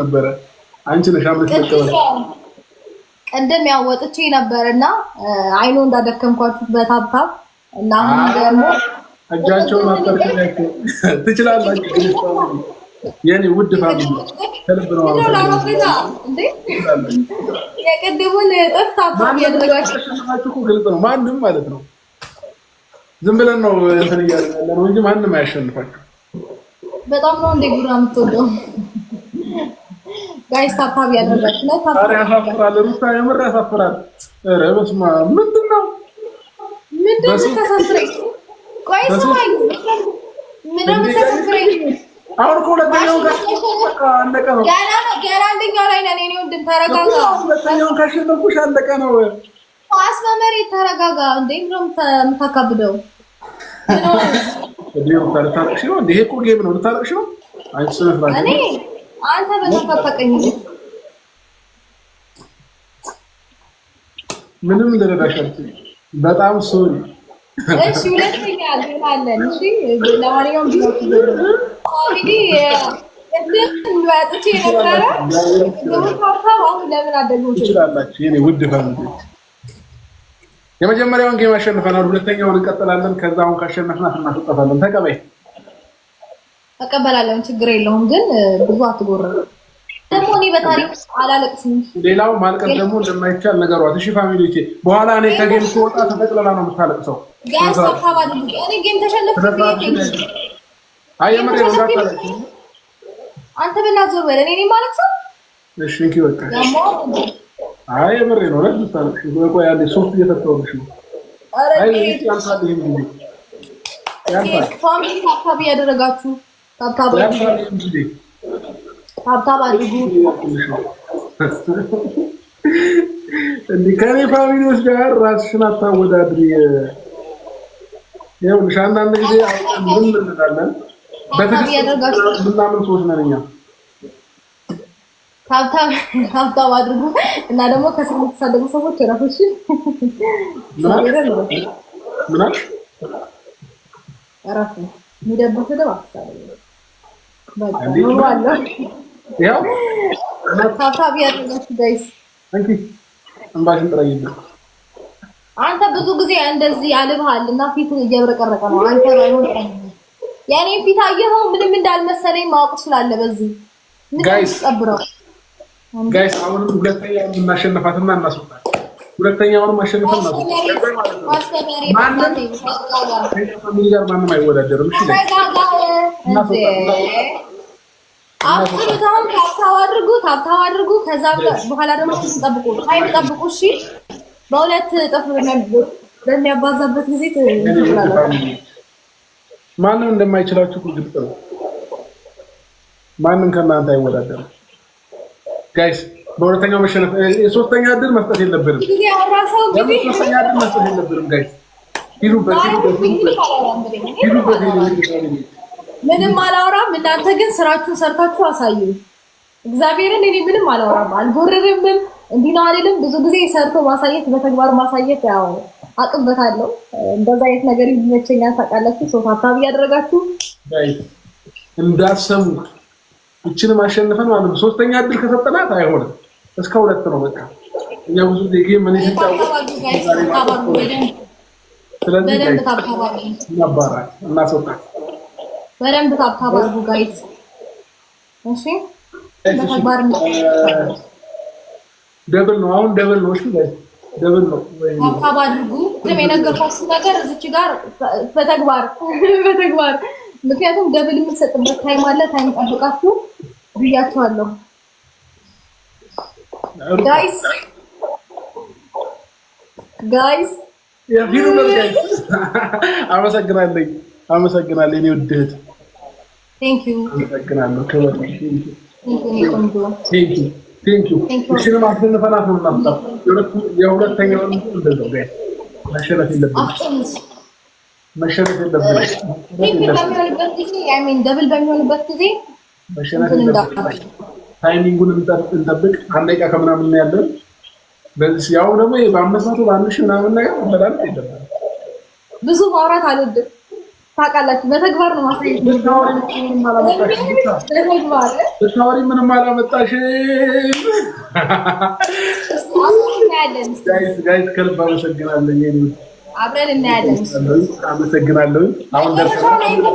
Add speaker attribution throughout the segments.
Speaker 1: ነበረ አንቺ ነሽ
Speaker 2: ቅድም ያው ወጥቼ ነበር እና እንዳደከምኳችሁ በታብታብ እና አሁን
Speaker 1: ደግሞ እጃቸውን ትችላላችሁ። የኔ ውድ ፋሚ ከልብ ነው
Speaker 2: የቅድሙን
Speaker 1: ግልጽ ነው። ማንም ማለት ነው ዝም ብለን ነው እንትን እያለ ነው እንጂ ማንም አያሸንፋችሁ።
Speaker 2: በጣም ነው እንደ ጉራ የምትወደው። ጋይስ ታታብ ያደረጋችሁ
Speaker 1: ላይ ታታብ ያሳፍራል። ሩታ የምር ያሳፍራል። ኧረ በስመ አብ ምንድን ነው
Speaker 2: ምንድን ነው የምታሳፍረኝ? ቆይ ስማኝ፣ ምንድን ነው የምታሳፍረኝ?
Speaker 1: አሁን ከሁለተኛው
Speaker 2: አለቀ ነው። ገና ገና አንደኛው ላይ ነን። እኔ
Speaker 1: ወንድም ተረጋጋ። ሁለተኛውን ካሸነፍኩሽ አለቀ ነው።
Speaker 2: ነው የምታካብደው?
Speaker 1: ልታረቅሽ ነው? ይሄ እኮ ጌም ነው። ልታረቅሽ ነው? አንቺ ስነ ስርዓት
Speaker 2: እኔ አንተ በተፈቀኝ
Speaker 1: ምንም ልረዳሽ በጣም ሶሪ።
Speaker 2: እሺ ሁለተኛ ግን እሺ ለማንኛውም ኮሚዲ ለምን አደጉ
Speaker 1: ይችላላችሁ የኔ ውድ ፈንጆች የመጀመሪያውን ጌም አሸንፈናል። ሁለተኛውን እንቀጥላለን። ከዛ አሁን ካሸነፍናት እናስወጣታለን። ተቀበይ።
Speaker 2: ተቀበላለን። ችግር የለውም ግን ብዙ አትጎረ ደግሞ እኔ በታሪክ ውስጥ አላለቅስም።
Speaker 1: ሌላው ማልቀስ ደግሞ እንደማይቻል ነገሯት። እሺ ፋሚሊ፣ በኋላ እኔ ከጌም ስወጣ ተጠቅለላ ነው የምታለቅሰው።
Speaker 2: ጌም ተሸነፍኩ። አንተ በእናትህ ዞር በለን እኔ እኔ ማለቅሰው
Speaker 1: እሺ። በቃ አይ የምሬ ነው። ሶስት እየተተወልሽ ነው።
Speaker 2: ፋሚሊ ታብታብ እያደረጋችሁ ታብታብ
Speaker 1: ከኔ ፋሚሊዎች ጋር ራስሽን አታወዳድሪ። ይኸውልሽ አንዳንድ ጊዜ ምንም
Speaker 2: እንላለን። በትዕግስት ምናምን ሰዎች ነን እኛ ታብታብ አድርጉ እና ደግሞ ከስር የምትሳደቡ ሰዎች የራሶች ራሱ የሚደብር ስድብ አንተ ብዙ ጊዜ እንደዚህ አልብሃል እና ፊት እየብረቀረቀ ነው። አንተ ባይሆን ፊት አየኸው ምንም እንዳልመሰለኝ ማወቅ ስላለ በዚህ
Speaker 1: ምንም ጠብረው ጋይስ አሁን ሁለተኛውን እናሸንፋትና እናስወጣለን። ሁለተኛውን ማሸነፍን
Speaker 2: ማስወጣለን።
Speaker 1: ማንም አይወዳደርም። እሺ
Speaker 2: አፍሩታውን ታብታው አድርጉ፣ ታብታው አድርጉ። ከዛ በኋላ ደግሞ ጠብቁ፣ ታይም ጠብቁ። እሺ በሁለት እጥፍ በሚያባዛበት ጊዜ ትችላላችሁ።
Speaker 1: ማንም እንደማይችላችሁ ግልጽ ነው። ማንም ከእናንተ አይወዳደርም። ጋይስ በሁለተኛው መሸነፍ ሶስተኛ እድል መስጠት የለብንም።
Speaker 2: ምንም አላወራም። እናንተ ግን ስራችሁን ሰርታችሁ አሳዩ። እግዚአብሔርን እኔ ምንም አላወራም፣ አልጎርርምም፣ እንዲህ ነው አልልም። ብዙ ጊዜ ሰርቶ ማሳየት፣ በተግባር ማሳየት ያው አቅበታለሁ። እንደዛ አይነት ነገር ይመቸኛል። ታውቃላችሁ፣ ሶፋ አካባቢ ያደረጋችሁ
Speaker 1: እንዳሰሙ እችንም አሸንፈን ማለት ነው። ሶስተኛ እድል ከሰጠናት አይሆንም። እስከ ሁለት ነው በቃ እኛ ብዙ ጊዜ ምን በደንብ ታብታብ አድርጉ
Speaker 2: እሺ በተግባር
Speaker 1: ደብል ነው። አሁን ደብል ነው። እሺ ደብል ነው።
Speaker 2: ታብታብ ግን የነገርኳችሁ ነገር እዚች ጋር በተግባር በተግባር ምክንያቱም ደብል የምትሰጥበት ታይም አለ። ታይም ጠብቃችሁ ብያችኋለሁ ጋይስ ጋይስ።
Speaker 1: አመሰግናለሁ አመሰግናለሁ የእኔ ውድ እህት ቴንክ ዩ አመሰግናለሁ። አሸነፍ የለብንም መሸነት
Speaker 2: የለብንም። ደብል በሚሆንበት ጊዜ
Speaker 1: ታይሚንጉን እንጠብቅ። አንድ ደቂቃ ከምናምን ነው ያለን። በዚህ ያው ደግሞ በአምስት መቶ በአንድ ሺህ ምናምን ነገር መዳን አይደለም።
Speaker 2: ብዙ ማውራት አልወድም ታውቃላችሁ። በተግባር ነው ማሳየት። ብታወሪ ምንም አላመጣሽም።
Speaker 1: ጋይስ፣ ከልብ አመሰግናለሁ።
Speaker 2: አብረን እናያለን።
Speaker 1: አመሰግናለሁ።
Speaker 2: አሁን እንለፋት። ታብ አድርጉ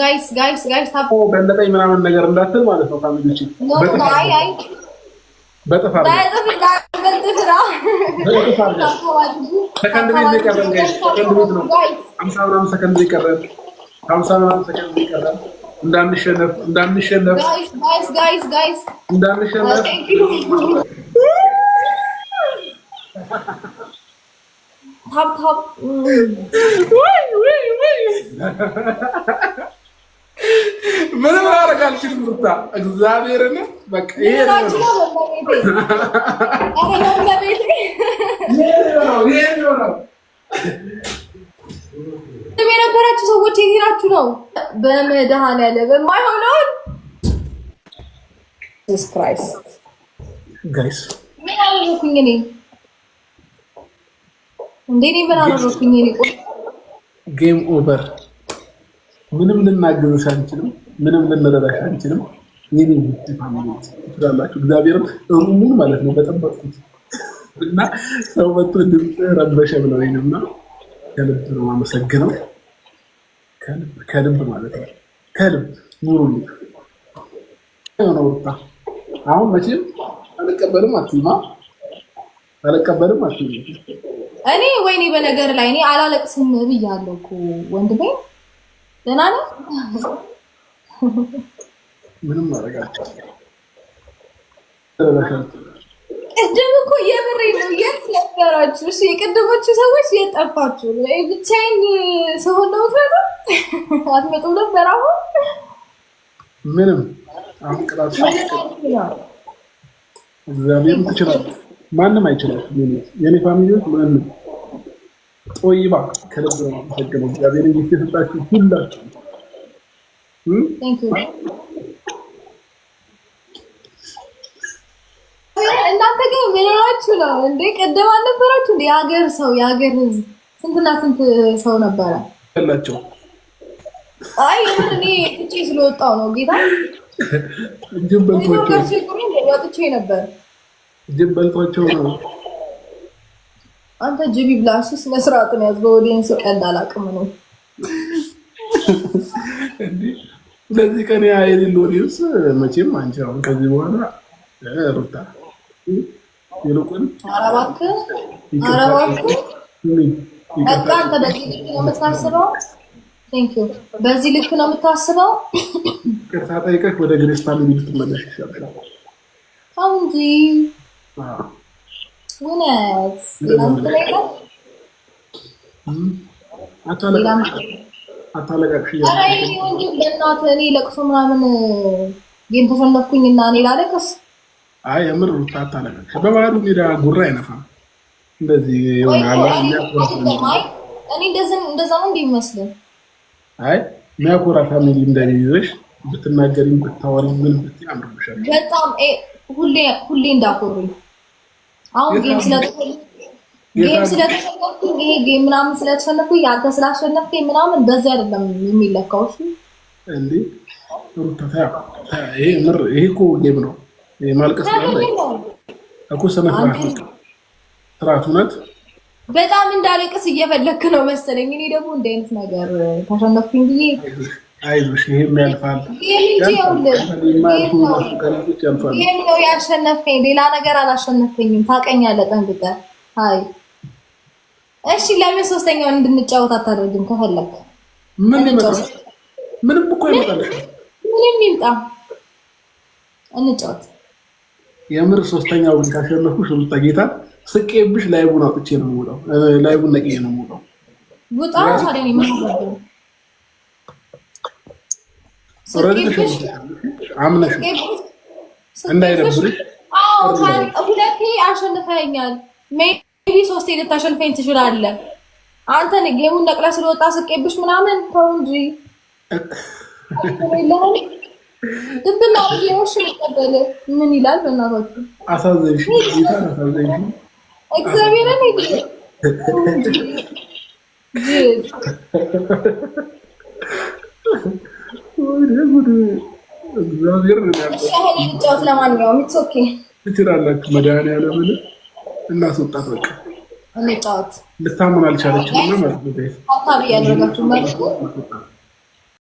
Speaker 2: ጋይስ፣ ጋይስ፣ ጋይስ።
Speaker 1: ታብ በለጠኝ ምናምን ነገር እንዳትል ማለት ነው። ፋሚሊዎች በጥፋት ሰከንድ ቤት ነው ሰከንድ የቀረን ሀምሳ ሰከንድ የቀረን Danışanım, şey danışanım.
Speaker 2: Şey guys, guys, guys,
Speaker 1: guys. Danışanım. Şey uh, oh,
Speaker 2: thank you. Tap tap.
Speaker 1: ምንም ማድረግ አልችልም። ሩታ እግዚአብሔርን በቃ ይሄ ነው ይሄ ነው
Speaker 2: የነበራችሁ ሰዎች የሄዳችሁ ነው። በመድኃኒዓለም የማይሆነውን ኢየሱስ ክራይስት ጋይስ ምን አደረኩኝ እኔ? እንዴ እኔ ምን አደረኩኝ እኔ?
Speaker 1: ጌም ኦቨር። ምንም ልናገዝሽ አንችልም። ምንም ልንረዳሽ አንችልም። የኔ ውድ ፋሚሊዎች ትላላችሁ። እግዚአብሔርም ማለት ነው በጠበቅኩት እና ሰው መጥቶ ድምፅ ረበሸ ብለው ነው እና ከልብ ነው አመሰግነው። ከልብ ከልብ ማለት ነው። ከልብ ኑሩልኝ። ነው። ወጣ አሁን መቼም አልቀበልም አትይማ፣ አልቀበልም አትይማ።
Speaker 2: እኔ ወይኔ በነገር ላይ እኔ አላለቅስም ብያለሁ እኮ ወንድሜ። ደህና ነው።
Speaker 1: ምንም ማረጋቸው
Speaker 2: ቅድም እኮ የምሬ ነው። የት ነበራችሁ? እሺ የቅድሞቹ ሰዎች የት ጠፋችሁ? ብቻዬን ስሆን ነው የምትመጣው? አትመጡም ነበር። አሁን
Speaker 1: ምንም እግዚአብሔር ትችላለህ። ማንም አይችላል። የኔ ፋሚሊዎች ማንም ጦይባ ከልብ ነው የማመሰግነው እግዚአብሔር እንግዲህ የሰጣችሁ ሁላችሁ
Speaker 2: ቢኖራችሁ ነው እንዴ? ቅድም አልነበራችሁ እንዴ? የሀገር ሰው የሀገር ህዝብ ስንትና ስንት ሰው ነበረ ላቸው። አይ እኔ ትቼ ስለወጣው ነው ጌታ ወጥቼ ነበር።
Speaker 1: በልቷቸው ነው።
Speaker 2: አንተ ጅቢ ብላሽ ስነ ስርዓት ነው ያዝበው። ወዲን ቀልድ አላውቅም ነው
Speaker 1: ለዚህ ቀን የሌለ መቼም አንቺ አሁን ከዚህ በኋላ ሩታ ይልቁን
Speaker 2: ኧረ እባክህ በቃ አንተ በዚህ ልክ ነው የምታስበው። ቴንክ ዩ በዚህ ልክ ነው የምታስበው።
Speaker 1: ቅርታ ጠይቀህ ወደ ግሬስ ፋሚሊ ትመለሽ ይሻላል።
Speaker 2: አዎ እንጂ እውነት
Speaker 1: ሌላ አታለቃቅሽ።
Speaker 2: ኧረ ይሄ ወንድም በእናትህ እኔ ለቅሶ ምናምን ጌም ተሸነፍኩኝ እና እኔ ላለቅስ
Speaker 1: አይ የምር ሩታ አታለቀ በባህሉ ሜዳ ጉራ አይነፋም። እንደዚህ የሆነ አይ ሚያኮራ ፋሚሊ እንደሚይዘሽ ብትናገሪም ብታወሪም ምን ብትያምርብሻል።
Speaker 2: በጣም ሁሌ ሁሌ እንዳኮሩኝ አሁን ጌም ስለተሸነፍኩኝ ስለተሸነፍኩኝ ይሄ ጌም ምናምን ስለተሸነፍኩኝ አንተ ስላሸነፍኩኝ ምናምን በዚህ አይደለም የሚለካው። እሺ
Speaker 1: እንዴ ሩታ ይሄ ምር ይሄ እኮ ጌም ነው እኮ
Speaker 2: በጣም እንዳለቅስ እየፈለክ ነው መሰለኝ። እኔ ደግሞ እንደ አይነት ነገር ታሸነፍኩኝ ብዬ
Speaker 1: አይዞሽ፣ ይሄም ያልፋል።
Speaker 2: ነው ያሸነፈኝ፣ ሌላ ነገር አላሸነፈኝም። ታውቀኛለህ ጠንቅቀህ። አይ እሺ፣ ለምን ሶስተኛውን እንድንጫወት አታደርግም?
Speaker 1: ምንም እኮ ይመጣል።
Speaker 2: ምንም ይምጣ፣ እንጫወት
Speaker 1: የምር ሶስተኛ ቡን ካሸነፍኩሽ ሩታ ጌታ ስቄብሽ ላይቡን አውጥቼ ነው የምውለው። ላይቡን ነቅዬ ነው የምውለው። አምነሽ እንዳይደብርሽ።
Speaker 2: ሁለቴ አሸንፈኛል። ሜቢ ሶስቴ ልታሸንፈኝ ትችላለህ። አንተ ጌሙን ነቅለህ ስለወጣ ስቄብሽ ምናምን ተው እንጂ ግብና የሚቀበል ምን ይላል? በእናታችሁ
Speaker 1: አሳዘንሽ፣ አሳዘንሽ እግዚአብሔርን እግዚአብሔር
Speaker 2: ለማንኛውም ኦኬ
Speaker 1: ትችላላችሁ። መድኃኒዓለምን እናስወጣት በቃ ልታምን አልቻለችም።